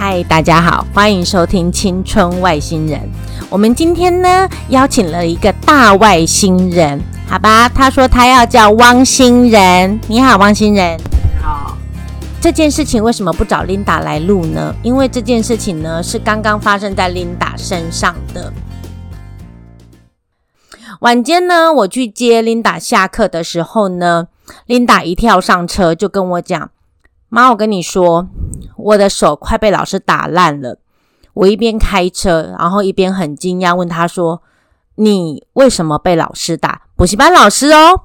嗨，Hi, 大家好，歡迎收聽《青春外星人》。我們今天呢，邀請了一個大外星人，好吧？他說他要叫汪星人。你好，汪星人。你好。這件事情為什麼不找琳達來錄呢？因為這件事情呢，是剛剛發生在琳達身上的。晚間呢，我去接琳達下課的時候呢，琳達一跳上車就跟我講。媽，我跟你說，我的手快被老師打爛了。我一邊開車，然後一邊很驚訝，問他說：“你為什麼被老師打？補習班老師哦，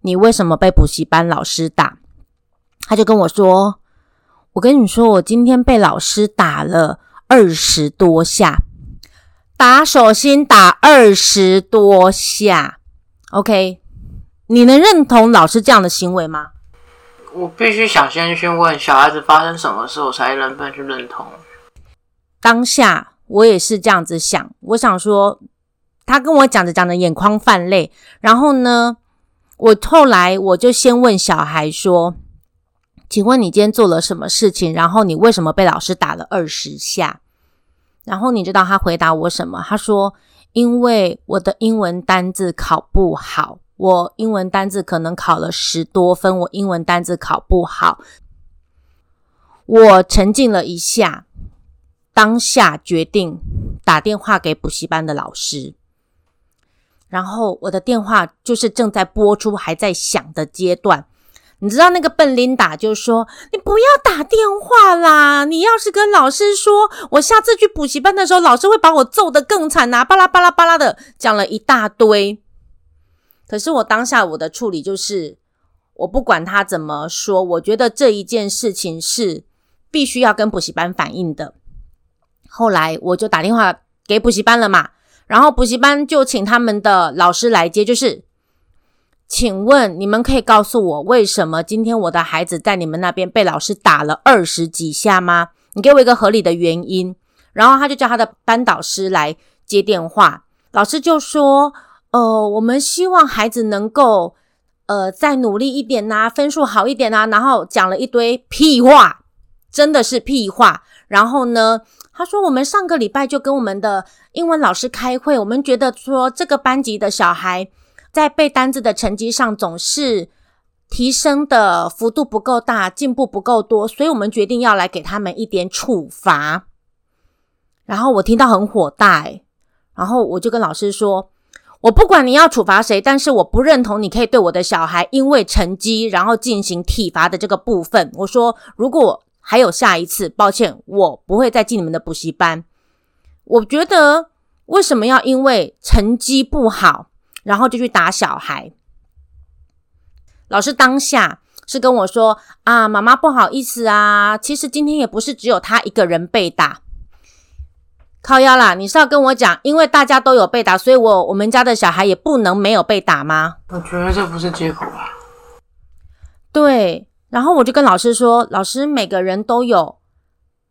你為什麼被補習班老師打？”他就跟我說：“我跟你說，我今天被老師打了二十多下，打手心打二十多下。”OK，你能認同老師這樣的行為嗎？我必須想先詢問小孩子發生什麼事，我才能不能去認同。當下我也是這樣子想，我想說他跟我講着講着眼眶泛淚，然後呢，我後來我就先問小孩說：“請問你今天做了什麼事情？然後你為什麼被老師打了二十下？”然後你知道他回答我什麼？他說：“因為我的英文單字考不好。”我英文單字可能考了十多分，我英文單字考不好，我沉浸了一下，當下決定打電話給補習班的老師，然後我的電話就是正在撥出，還在響的階段。你知道那個笨琳達就說：“你不要打電話啦，你要是跟老師說，我下次去補習班的時候，老師會把我揍得更慘吶、啊。”巴拉巴拉巴拉的講了一大堆。可是我當下我的處理就是，我不管他怎麼說，我覺得這一件事情是必須要跟補習班反映的。後來我就打電話給補習班了嘛，然後補習班就請他們的老師來接，就是，請問你們可以告訴我為什麼今天我的孩子在你們那邊被老師打了二十幾下嗎？你給我一個合理的原因。然後他就叫他的班導師來接電話，老師就說，哦、呃，我們希望孩子能夠，呃，再努力一點吶、啊，分數好一點吶、啊。然後講了一堆屁話，真的是屁話。然後呢，他說我們上個禮拜就跟我們的英文老師開會，我們覺得說這個班級的小孩在背單字的成績上總是提升的幅度不夠大，進步不夠多，所以我們決定要來給他們一點處罰。然後我聽到很火大誒，然後我就跟老師說。我不管你要處罰誰，但是我不認同你可以對我的小孩因為成績然後進行體罰的這個部分。我說，如果還有下一次，抱歉，我不會再進你們的補習班。我覺得為什麼要因為成績不好然後就去打小孩？老師當下是跟我說：“啊，媽媽不好意思啊，其實今天也不是只有他一個人被打。”靠腰啦，你是要跟我講，因為大家都有被打，所以我我們家的小孩也不能沒有被打嗎？我覺得這不是借口吧？對，然後我就跟老師說，老師每個人都有，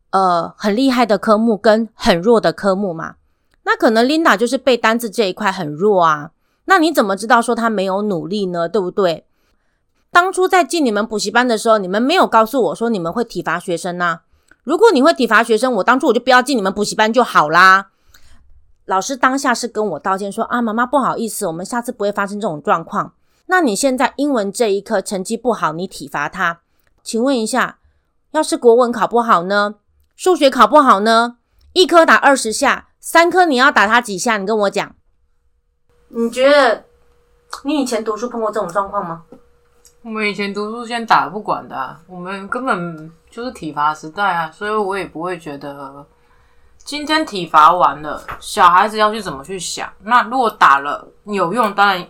呃，很厲害的科目跟很弱的科目嘛。那可能琳達就是背單字這一塊很弱啊。那你怎麼知道說他沒有努力呢？對不對？當初在進你們補習班的時候，你們沒有告訴我說你們會體罰學生呢、啊？如果你會體罰學生，我當初我就不要進你們補習班就好啦。老師當下是跟我道歉說啊，媽媽不好意思，我們下次不會發生這種狀況。那你現在英文這一科成績不好，你體罰他，請問一下，要是國文考不好呢？數學考不好呢？一科打二十下，三科你要打他幾下？你跟我講，你覺得你以前讀書碰過這種狀況嗎？我們以前讀書先打不管的啊，我們根本就是體罰時代啊，所以我也不會覺得今天體罰完了，小孩子要去怎麼去想？那如果打了有用，當然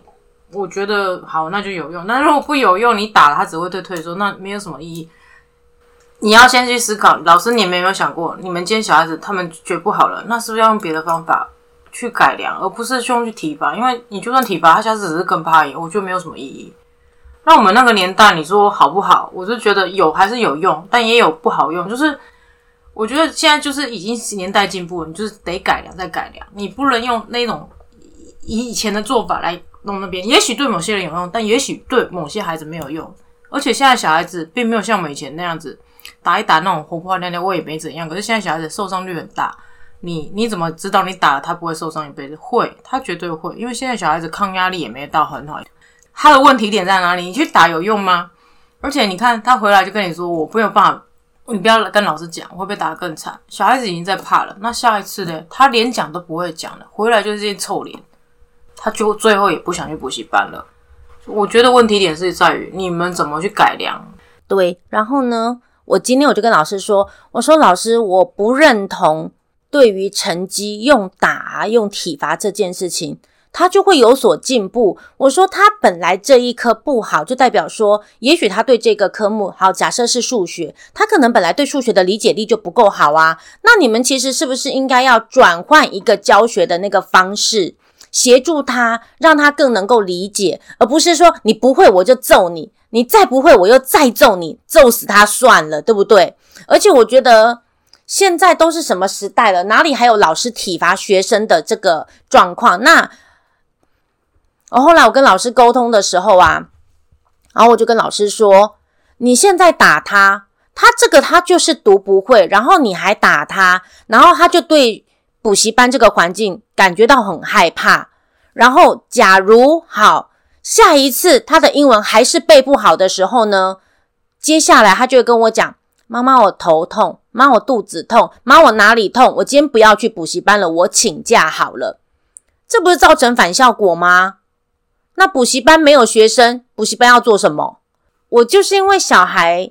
我覺得好，那就有用；那如果不有用，你打了他只會對退縮，那沒有什麼意義。你要先去思考，老師，你們有沒有想過，你們今天小孩子他們覺得不好了，那是不是要用別的方法去改良，而不是用去體罰？因為你就算體罰，他下次只是更怕贏，我覺得沒有什麼意義。那我們那個年代，你說好不好？我就覺得有還是有用，但也有不好用。就是我覺得現在就是已經年代進步了，你就是得改良再改良。你不能用那種以以前的做法來弄那邊，也許對某些人有用，但也許對某些孩子沒有用。而且現在小孩子並沒有像我們以前那樣子打一打那種活潑亮亮，我也沒怎樣。可是現在小孩子受傷率很大，你你怎麼知道你打了他不會受傷一輩子？會，他絕對會，因為現在小孩子抗壓力也沒到很好。他的問題點在哪裡？你去打有用嗎？而且你看他回來就跟你說，我沒有辦法，你不要跟老師講，我會被打得更慘。小孩子已經在怕了，那下一次呢？他連講都不會講了，回來就是一些臭臉。他就最後也不想去補習班了。我覺得問題點是在於你們怎麼去改良。對，然後呢？我今天我就跟老師說，我說老師，我不認同對於成績用打用體罰這件事情。他就會有所進步。我說他本來這一科不好，就代表說，也許他對這個科目好，假設是數學，他可能本來對數學的理解力就不夠好啊。那你們其實是不是應該要轉換一個教學的那個方式，協助他，讓他更能夠理解，而不是說你不會我就揍你，你再不會我又再揍你，揍死他算了，對不對？而且我覺得現在都是什麼時代了，哪裡還有老師體罰學生的這個狀況？那。然後，哦，後來我跟老師溝通的時候啊，然後我就跟老師說：“你現在打他，他這個他就是讀不會，然後你還打他，然後他就對補習班這個環境感覺到很害怕。然後假如，好，下一次他的英文還是背不好的時候呢，接下來他就會跟我講：‘媽媽，我頭痛，媽我肚子痛，媽我哪裡痛？我今天不要去補習班了，我請假好了。’這不是造成反效果嗎？”那補習班沒有學生，補習班要做什麼？我就是因為小孩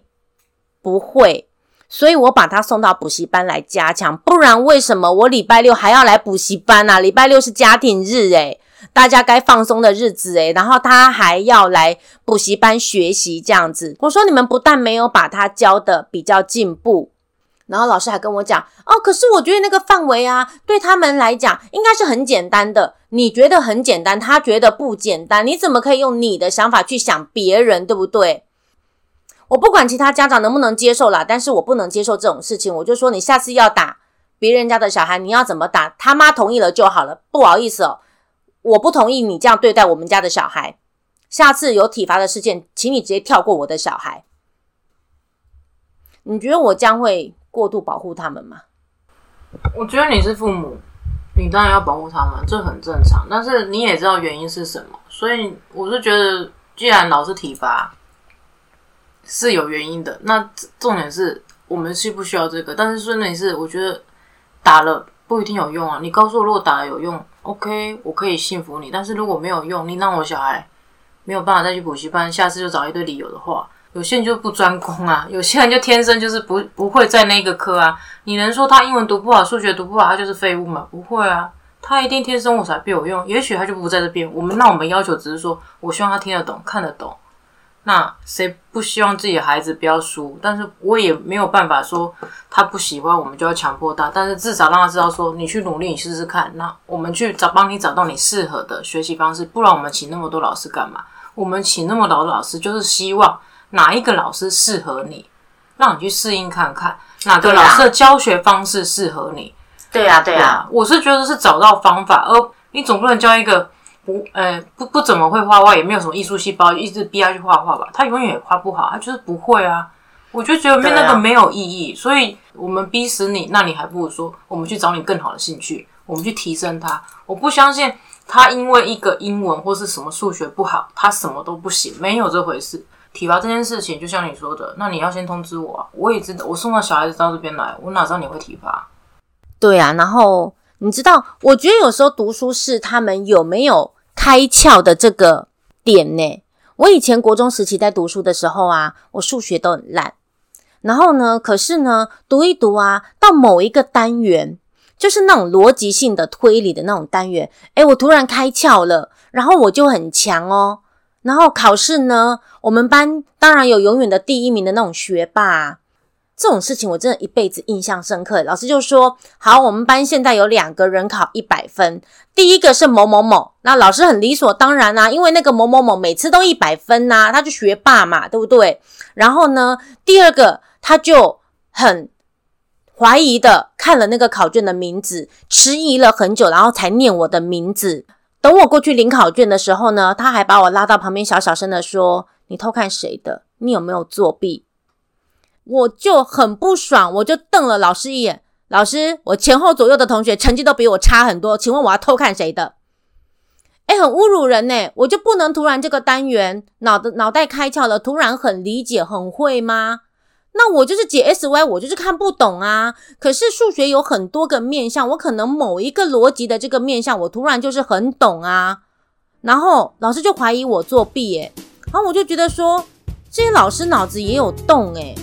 不會，所以我把他送到補習班來加強。不然為什麼我禮拜六還要來補習班啊？禮拜六是家庭日、欸，誒，大家該放鬆的日子、欸，誒，然後他還要來補習班學習這樣子。我說你們不但沒有把他教得比較進步。然後老師還跟我講哦，可是我覺得那個範圍啊，對他們來講應該是很簡單的。你覺得很簡單，他覺得不簡單，你怎麼可以用你的想法去想別人，對不對？我不管其他家長能不能接受啦，但是我不能接受這種事情。我就說，你下次要打別人家的小孩，你要怎麼打？他媽同意了就好了，不好意思哦，我不同意你這樣對待我們家的小孩。下次有體罰的事件，請你直接跳過我的小孩。你覺得我將會？過度保護他們嘛，我覺得你是父母，你當然要保護他們，這很正常。但是你也知道原因是什麼，所以我是覺得，既然老師體罰是有原因的，那重點是我們需不需要這個？但是說那是，我覺得打了不一定有用啊。你告訴我，如果打了有用，OK，我可以信服你。但是如果沒有用，你讓我小孩沒有辦法再去補習班，下次就找一堆理由的話。有些人就不專攻啊，有些人就天生就是不不會在那個科啊。你能說他英文讀不好，數學讀不好，他就是廢物嗎？不會啊，他一定天生我材必有用。也許他就不在這邊。我們那我們要求只是說，我希望他聽得懂，看得懂。那誰不希望自己的孩子不要輸？但是我也沒有辦法說他不喜歡，我們就要強迫他。但是至少讓他知道說，說你去努力，你試試看。那我們去找幫你找到你適合的學習方式。不然我們請那麼多老師幹嘛？我們請那麼老的老師就是希望，哪一個老師適合你，讓你去適應看看哪個老師的教學方式適合你。對呀、啊，對呀、啊啊，我是覺得是找到方法，而你總不能教一個不，呃，不不怎麼會畫畫，也沒有什麼藝術細胞，一直逼他去畫畫吧，他永遠也畫不好，他就是不會啊。我就覺得那個沒有意義，啊、所以我們逼死你，那你還不如說我們去找你更好的興趣，我們去提升他。我不相信他因為一個英文或是什麼數學不好，他什麼都不行，沒有這回事。體罰這件事情，就像你說的，那你要先通知我啊！我也知道，我送到小孩子到這邊來，我哪知道你會體罰啊？對啊，然後你知道，我覺得有時候讀書是他們有沒有開竅的這個點呢？我以前國中時期在讀書的時候啊，我數學都很爛，然後呢，可是呢，讀一讀啊，到某一個單元，就是那種邏輯性的推理的那種單元，誒，我突然開竅了，然後我就很強哦。然後考試呢，我們班當然有永遠的第一名的那種學霸啊，這種事情我真的一輩子印象深刻。老師就說：“好，我們班現在有兩個人考一百分，第一個是某某某。”那老師很理所當然啊，因為那個某某某每次都一百分吶啊，他是學霸嘛，對不對？然後呢，第二個他就很懷疑的看了那個考卷的名字，遲疑了很久，然後才念我的名字。等我過去領考卷的時候呢，他還把我拉到旁邊，小小聲的說：“你偷看誰的？你有沒有作弊？”我就很不爽，我就瞪了老師一眼。老師，我前後左右的同學成績都比我差很多，請問我要偷看誰的？欸，很侮辱人欸！我就不能突然這個單元腦腦袋開竅了，突然很理解、很會嗎？那我就是解 sy，我就是看不懂啊。可是數學有很多個面向，我可能某一個邏輯的這個面向，我突然就是很懂啊。然後老師就懷疑我作弊，欸，哎，然後我就覺得說，這些老師腦子也有洞，哎。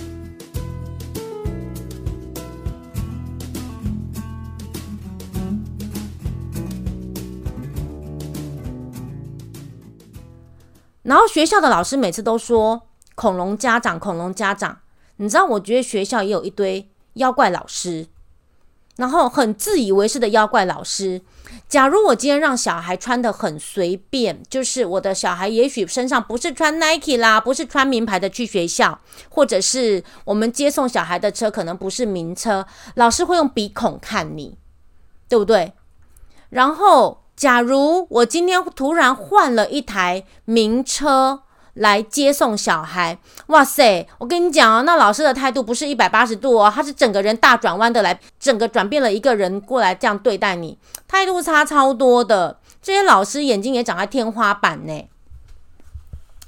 然後學校的老師每次都說恐龍家長，恐龍家長。你知道，我覺得學校也有一堆妖怪老師，然後很自以為是的妖怪老師。假如我今天讓小孩穿的很隨便，就是我的小孩也許身上不是穿 Nike 啦，不是穿名牌的去學校，或者是我們接送小孩的車可能不是名車，老師會用鼻孔看你，對不對？然後，假如我今天突然換了一台名車。來接送小孩，哇塞！我跟你講啊、哦，那老師的態度不是一百八十度哦，他是整個人大轉彎的來，整個轉變了一個人過來這樣對待你，態度差超多的。這些老師眼睛也長在天花板呢。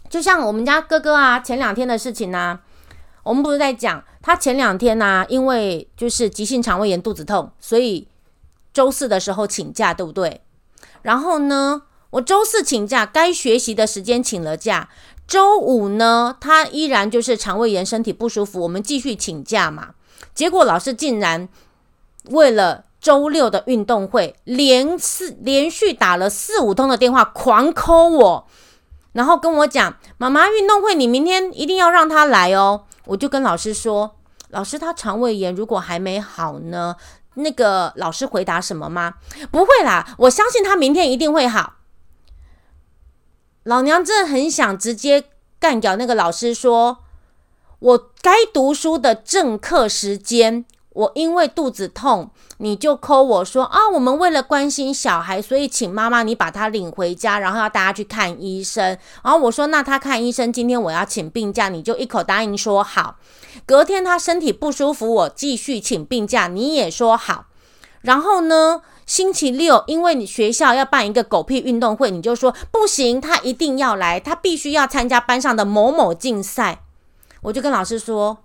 就像我們家哥哥啊，前兩天的事情呢、啊，我們不是在講，他前兩天呢、啊，因為就是急性腸胃炎肚子痛，所以週四的時候請假，對不對？然後呢，我週四請假，該學習的時間請了假。周五呢，他依然就是腸胃炎，身體不舒服，我們繼續請假嘛。結果老師竟然為了週六的運動會，連四連續打了四五通的電話，狂 call 我，然後跟我講：“媽媽，運動會你明天一定要讓他來哦。”我就跟老師說：“老師，他腸胃炎如果還沒好呢？”那個老師回答什麼嗎？不會啦，我相信他明天一定會好。老娘真的很想直接幹掉那個老師說，說我該讀書的正課時間，我因為肚子痛，你就摳我說啊，我們為了關心小孩，所以請媽媽你把他領回家，然後要帶他去看醫生。然後，啊，我說，那他看醫生，今天我要請病假，你就一口答應說好。隔天他身體不舒服，我繼續請病假，你也說好。然後呢？星期六，因為你學校要辦一個狗屁運動會，你就說不行，他一定要來，他必須要參加班上的某某競賽。我就跟老師說，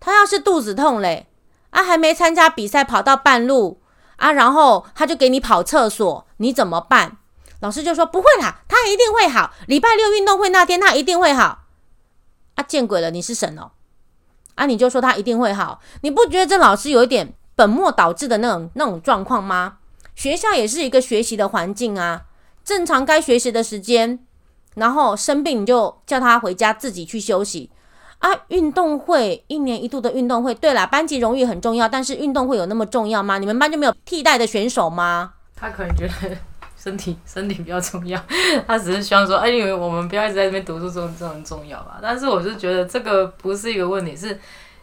他要是肚子痛嘞？啊，還沒參加比賽，跑到半路啊，然後他就給你跑廁所，你怎麼辦？老師就說不會啦，他一定會好。禮拜六運動會那天，他一定會好。啊，見鬼了，你是神哦？啊，你就說他一定會好，你不覺得這老師有一點？本末導致的那種那種狀況嗎？學校也是一個學習的環境啊，正常該學習的時間，然後生病你就叫他回家自己去休息。啊，運動會一年一度的運動會，對啦，班級榮譽很重要，但是運動會有那麼重要嗎？你們班就沒有替代的選手嗎？他可能覺得身體身體比較重要，他只是希望說，哎，因為我們不要一直在這邊讀書中，這很重要吧？但是我是覺得這個不是一個問題，是。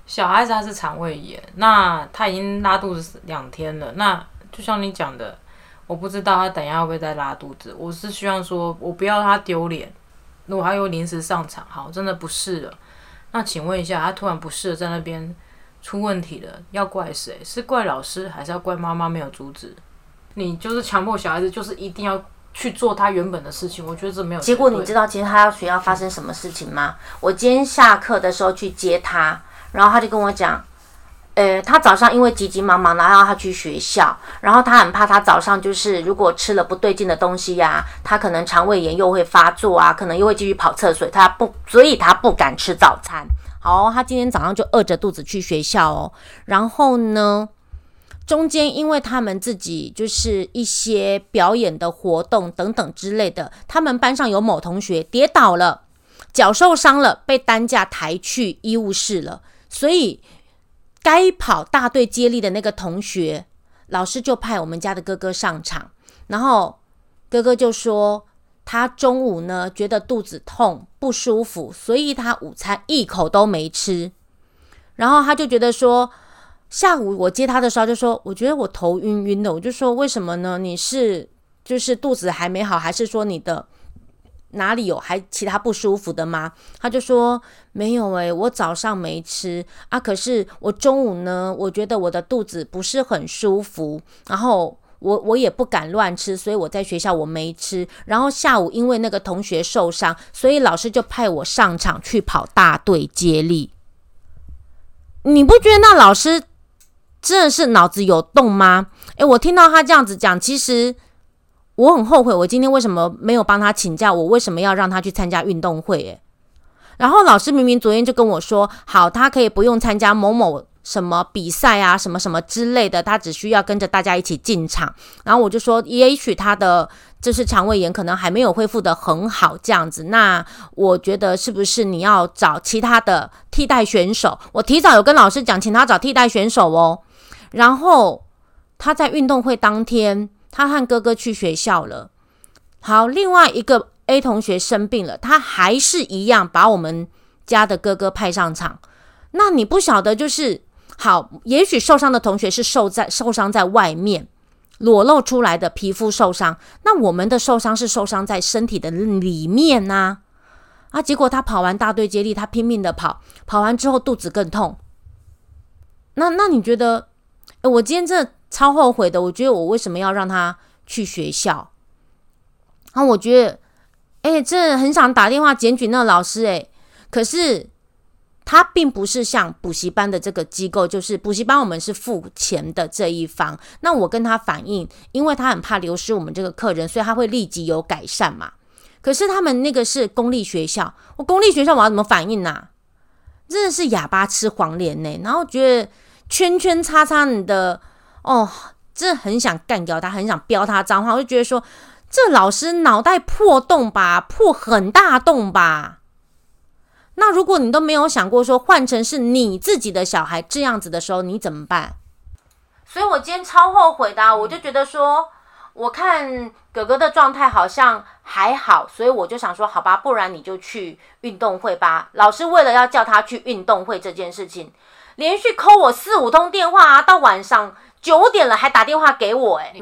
小孩子他是腸胃炎，那他已經拉肚子兩天了。那就像你講的，我不知道他等一下會不會再拉肚子。我是希望說，我不要他丟臉。如果他又臨時上場，好，真的不適了。那請問一下，他突然不適在那邊出問題了，要怪誰？是怪老師，還是要怪媽媽沒有阻止？你就是強迫小孩子，就是一定要去做他原本的事情，我覺得這沒有結果。你知道，其實他要學校發生什麼事情嗎？嗯、我今天下課的時候去接他。然後他就跟我講，呃，他早上因為急急忙忙的，然後他去學校，然後他很怕他早上就是如果吃了不對勁的東西呀、啊，他可能腸胃炎又會發作啊，可能又會繼續跑廁所，他不，所以他不敢吃早餐。好，他今天早上就餓着肚子去學校哦。然後呢，中間因為他們自己就是一些表演的活動等等之類的，他們班上有某同學跌倒了，腳受傷了，被擔架抬去醫務室了。所以，該跑大隊接力的那個同學，老師就派我們家的哥哥上場。然後，哥哥就說他中午呢覺得肚子痛，不舒服，所以他午餐一口都沒吃。然後他就覺得說，下午我接他的時候就說，我覺得我頭暈暈的，我就說為什麼呢？你是就是肚子還沒好，還是說你的？哪裡有還其他不舒服的嗎？他就說沒有誒、欸，我早上沒吃啊，可是我中午呢，我覺得我的肚子不是很舒服，然後我我也不敢亂吃，所以我在學校我沒吃。然後下午因為那個同學受傷，所以老師就派我上場去跑大隊接力。你不覺得那老師真的是腦子有洞嗎？誒、欸，我聽到他這樣子講，其實。我很後悔，我今天為什麼沒有幫他請假？我為什麼要讓他去參加運動會？哎，然後老師明明昨天就跟我說，好，他可以不用參加某某什麼比賽啊，什麼什麼之類的，他只需要跟着大家一起進場。然後我就說，也許他的就是腸胃炎，可能還沒有恢復得很好，這樣子，那我覺得是不是你要找其他的替代選手？我提早有跟老師講，請他找替代選手哦。然後他在運動會當天。他和哥哥去學校了。好，另外一個 A 同學生病了，他還是一樣把我們家的哥哥派上場。那你不曉得，就是好，也許受傷的同學是受在受傷在外面，裸露出來的皮膚受傷。那我們的受傷是受傷在身體的裡面吶、啊。啊，結果他跑完大隊接力，他拼命的跑，跑完之後肚子更痛。那那你覺得，誒，我今天這？超後悔的，我覺得我為什麼要讓他去學校？然後我覺得，哎、欸，真的很想打電話檢舉那老師、欸，哎，可是他並不是像補習班的這個機構，就是補習班我們是付錢的這一方。那我跟他反映，因為他很怕流失我們這個客人，所以他會立即有改善嘛。可是他們那個是公立學校，我公立學校我要怎麼反映呢、啊？真的是啞巴吃黃連呢、欸。然後我覺得圈圈叉叉你的。哦，oh，真的很想幹掉他，很想飆他髒話，我就覺得說，這老師腦袋破洞吧，破很大洞吧。那如果你都沒有想過說，換成是你自己的小孩這樣子的時候，你怎麼辦？所以我今天超後悔的啊，我就覺得說，我看哥哥的狀態好像還好，所以我就想說，好吧，不然你就去運動會吧。老師為了要叫他去運動會這件事情，連續扣我四五通電話啊，到晚上。九點了還打電話給我，欸，哎，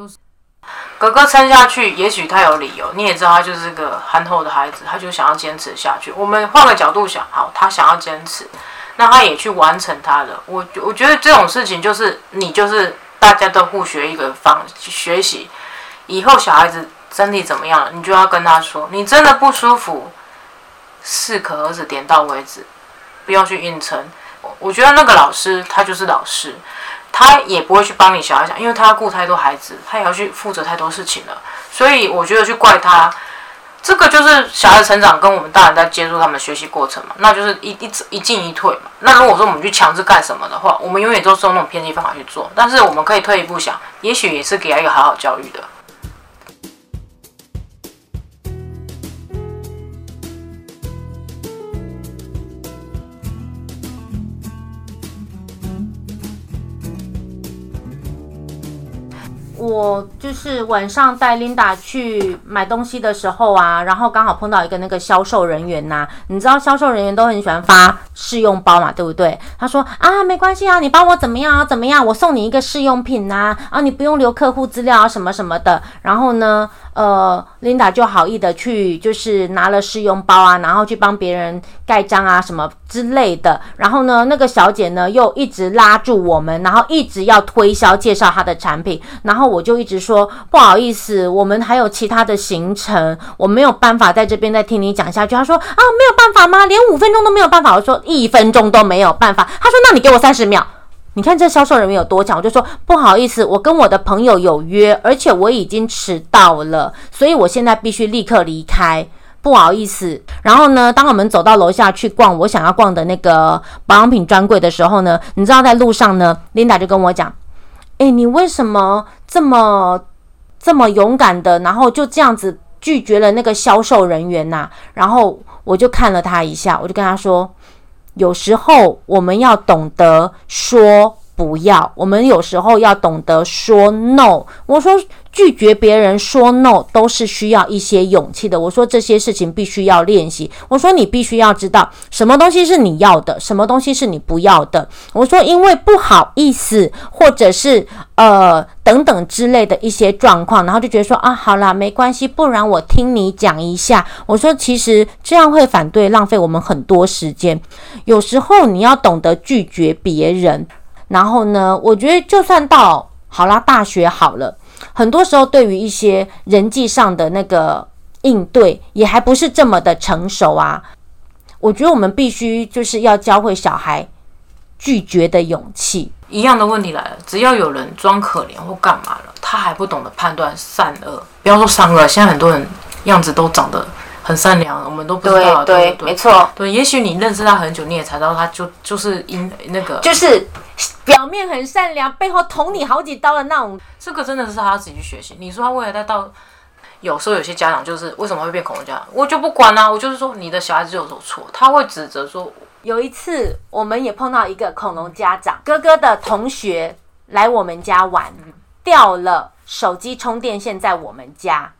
哥哥撐下去，也許他有理由。你也知道，他就是個憨厚的孩子，他就想要堅持下去。我們換個角度想，好，他想要堅持，那他也去完成他的。我我覺得這種事情就是你就是大家都互學一個方學習。以後小孩子身體怎麼樣了，你就要跟他說，你真的不舒服，適可而止，點到為止，不要去硬撐。我我覺得那個老師他就是老師。他也不會去幫你小孩講，因為他要顧太多孩子，他也要去負責太多事情了。所以我覺得去怪他，這個就是小孩的成長跟我們大人在接觸他們的學習過程嘛，那就是一一直一進一退嘛。那如果說我們去強制幹什麼的話，我們永遠都是用那種偏激方法去做。但是我們可以退一步想，也許也是給他一個好好教育的。我就是晚上帶 Linda 去買東西的時候啊，然後剛好碰到一個那個銷售人員吶、啊，你知道銷售人員都很喜歡發試用包嘛，對不對？他說啊，沒關係啊，你幫我怎麼樣啊，怎麼樣、啊？我送你一個試用品吶、啊，啊，你不用留客戶資料啊，什麼什麼的。然後呢？呃，Linda 就好意的去，就是拿了試用包啊，然後去幫別人蓋章啊，什麼之類的。然後呢，那個小姐呢又一直拉住我們，然後一直要推銷介紹她的產品。然後我就一直說不好意思，我們還有其他的行程，我沒有辦法在這邊再聽你講下去。她說啊，沒有辦法嗎？連五分鐘都沒有辦法？我說一分鐘都沒有辦法。她說那你給我三十秒。你看這銷售人員有多強，我就說不好意思，我跟我的朋友有約，而且我已經遲到了，所以我現在必須立刻離開，不好意思。然後呢，當我們走到樓下去逛我想要逛的那個保養品專櫃的時候呢，你知道在路上呢，琳達就跟我講：“誒，你為什麼這麼這麼勇敢的，然後就這樣子拒絕了那個銷售人員吶？”然後我就看了他一下，我就跟他說。有時候我們要懂得說“不要”，我們有時候要懂得說 “no”。我說。拒絕別人說 “no” 都是需要一些勇氣的。我說這些事情必須要練習。我說你必須要知道什麼東西是你要的，什麼東西是你不要的。我說因為不好意思，或者是呃等等之類的一些狀況，然後就覺得說啊，好啦，沒關係，不然我聽你講一下。我說其實這樣會反對，浪費我們很多時間。有時候你要懂得拒絕別人。然後呢，我覺得就算到好啦，大學好了。很多時候，對於一些人際上的那個應對，也還不是這麼的成熟啊。我覺得我們必須就是要教會小孩拒絕的勇氣。一樣的問題來了，只要有人裝可憐或幹嘛了，他還不懂得判斷善惡。不要說善惡，現在很多人樣子都長得很善良，我們都不知道對，對對對沒錯對。也許你認識他很久，你也才知道他就就是因那個就是。表面很善良，背後捅你好幾刀的那種。這個真的是他自己去學習。你說他未來帶到，有時候有些家長就是為什麼會變恐龍家長，我就不管啦、啊，我就是說你的小孩子有做錯，他會指責說。有一次我們也碰到一個恐龍家長，哥哥的同學來我們家玩，掉了手機充電線在我們家。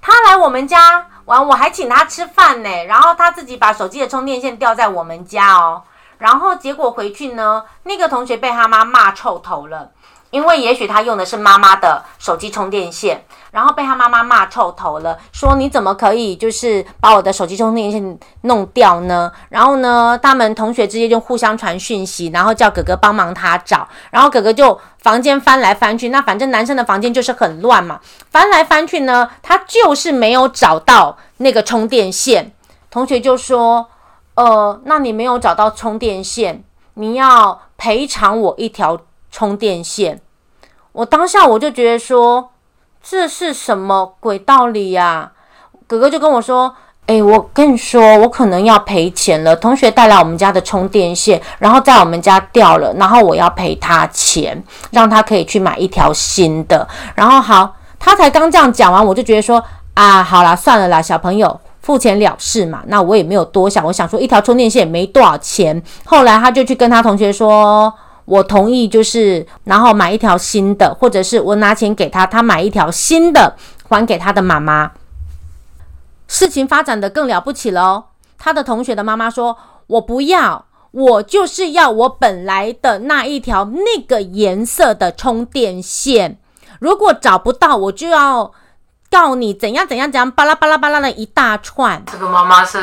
他來我們家玩，我還請他吃飯呢、欸。然後他自己把手機的充電線掉在我們家哦、喔。然後結果回去呢，那個同學被他媽罵臭頭了，因為也許他用的是媽媽的手機充電線，然後被他媽媽罵臭頭了，說你怎麼可以就是把我的手機充電線弄掉呢？然後呢，他們同學之間就互相傳訊息，然後叫哥哥幫忙他找，然後哥哥就房間翻來翻去，那反正男生的房間就是很亂嘛，翻來翻去呢，他就是沒有找到那個充電線，同學就說，呃，那你沒有找到充電線，你要賠償我一條充電線。我當下我就覺得說，這是什麼鬼道理呀？啊？哥哥就跟我說，哎，欸，我跟你說，我可能要賠錢了。同學帶來我們家的充電線，然後在我們家掉了，然後我要賠他錢，讓他可以去買一條新的。然後好，他才剛這樣講完，我就覺得說，啊，好啦，算了啦，小朋友。付錢了事嘛，那我也沒有多想。我想說，一條充電線也沒多少錢。後來他就去跟他同學說：“我同意，就是然後買一條新的，或者是我拿錢給他，他買一條新的還給他的媽媽。”事情發展得更了不起了哦。他的同學的媽媽說：“我不要，我就是要我本來的那一條那個顏色的充電線。如果找不到，我就要。”告你怎樣怎樣怎樣巴拉巴拉巴拉的一大串。這個媽媽是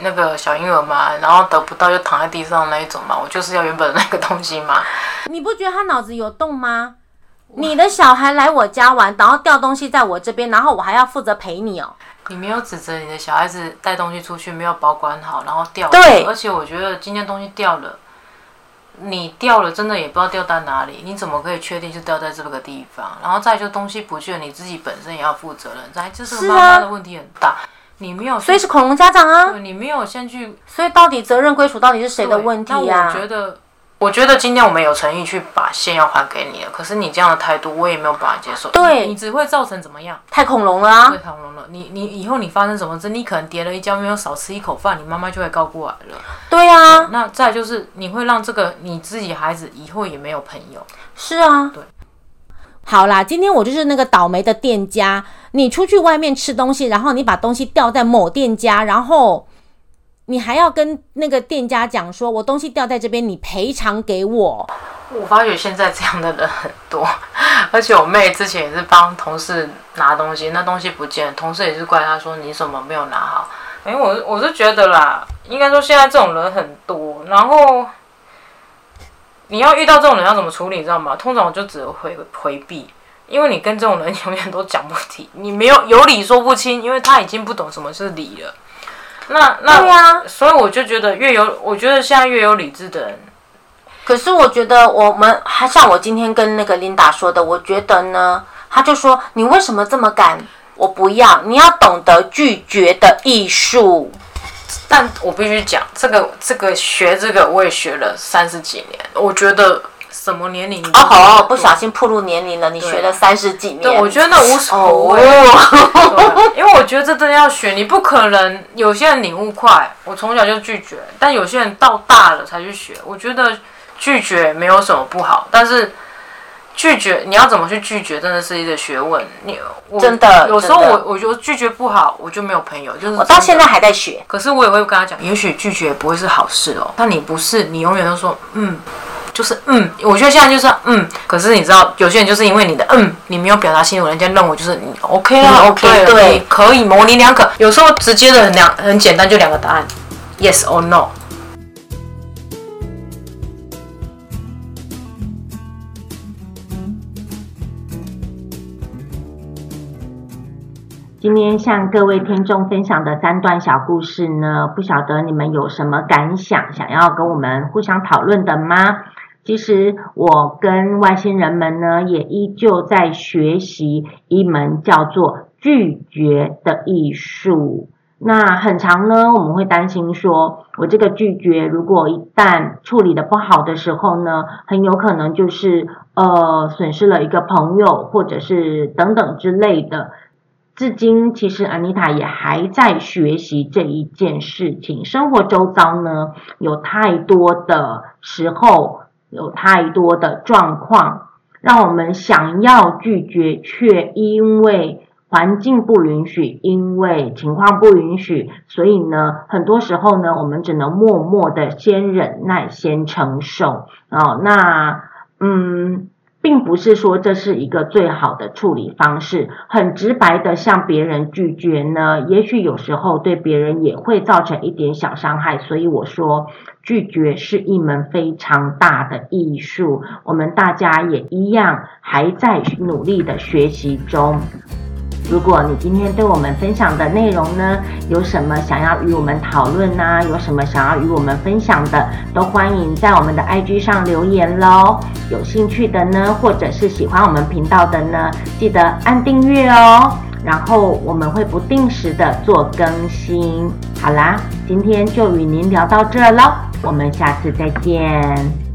那個小嬰兒嘛，然後得不到就躺在地上那一種嘛，我就是要原本的那個東西嘛。你不覺得他腦子有洞嗎？我你的小孩來我家玩，然後掉東西在我這邊，然後我還要負責賠你哦。你沒有指責你的小孩子帶東西出去沒有保管好，然後掉了。對，而且我覺得今天東西掉了。你掉了，真的也不知道掉到哪裡。你怎麼可以確定就掉在這個地方？然後再就東西不見了，你自己本身也要負責任是、啊哎。再就是媽媽的問題很大你，啊，你沒有，所以是恐龍家長啊，你沒有先去，所以到底責任歸屬到底是誰的問題，啊，我覺得。我覺得今天我們有誠意去把錢要還給你了，可是你這樣的態度，我也沒有辦法接受。對，你，你只會造成怎麼樣？太恐龍了啊！太恐龍了！你你以後你發生什麼事，你可能跌了一跤，沒有少吃一口飯，你媽媽就會告過來了。對啊，對，那再就是你會讓這個你自己孩子以後也沒有朋友。是啊，對。好啦，今天我就是那個倒霉的店家。你出去外面吃東西，然後你把東西掉在某店家，然後。你還要跟那個店家講說，我東西掉在這邊，你賠償給我。我發覺現在這樣的人很多，而且我妹之前也是幫同事拿東西，那東西不見，同事也是怪她說，你什麼沒有拿好。哎、欸，我我是覺得啦，應該說現在這種人很多，然後你要遇到這種人要怎麼處理，你知道嗎？通常我就只有回迴避，因為你跟這種人永遠都講不聽，你沒有有理說不清，因為他已經不懂什麼是理了。那那對呀、啊，所以我就覺得越有，我覺得現在越有理智的人。可是我覺得我們，還像我今天跟那個琳達說的，我覺得呢，他就說你為什麼這麼敢？我不要，你要懂得拒絕的藝術。但我必須講，這個這個學這個我也學了三十幾年，我覺得什麼年齡哦好哦，不小心暴露年齡了。你學了三十幾年，對對我覺得那無所謂。哦我覺得這真的要學，你不可能，有些人領悟快。我從小就拒絕，但有些人到大了才去學。我覺得拒絕沒有什麼不好，但是拒絕你要怎麼去拒絕，真的是一個學問。你我真的有時候我，我覺得拒絕不好，我就沒有朋友。就是我到現在還在學，可是我也會跟他講，也許拒絕不會是好事哦。但你不是，你永遠都說嗯。就是嗯，我覺得現在就是嗯，可是你知道，有些人就是因為你的嗯，你沒有表達清楚，人家認為就是嗯 OK 啊，嗯，OK 對，OK 可以模棱兩可。有時候直接的很兩很簡單，就兩個答案，yes or no。今天向各位聽眾分享的三段小故事呢，不曉得你們有什麼感想，想要跟我們互相討論的嗎？其實我跟外星人們呢，也依舊在學習一門叫做拒絕的藝術。那很常呢，我們會擔心說，我這個拒絕如果一旦處理的不好的時候呢，很有可能就是呃，損失了一個朋友，或者是等等之類的。至今，其實安妮塔也還在學習這一件事情。生活周遭呢，有太多的時候。有太多的狀況，讓我們想要拒絕，却因為環境不允許，因為情況不允許，所以呢，很多時候呢，我們只能默默的先忍耐，先承受啊。那，嗯。並不是說這是一個最好的處理方式，很直白的向別人拒絕呢，也許有時候對別人也會造成一點小傷害，所以我說拒絕是一門非常大的藝術，我們大家也一樣還在努力的學習中。如果你今天對我們分享的內容呢，有什麼想要與我們討論呢、啊？有什麼想要與我們分享的，都歡迎在我們的 IG 上留言嘍。有興趣的呢，或者是喜歡我們頻道的呢，記得按訂閱哦。然後我們會不定時的做更新。好啦，今天就與您聊到這嘍，我們下次再見。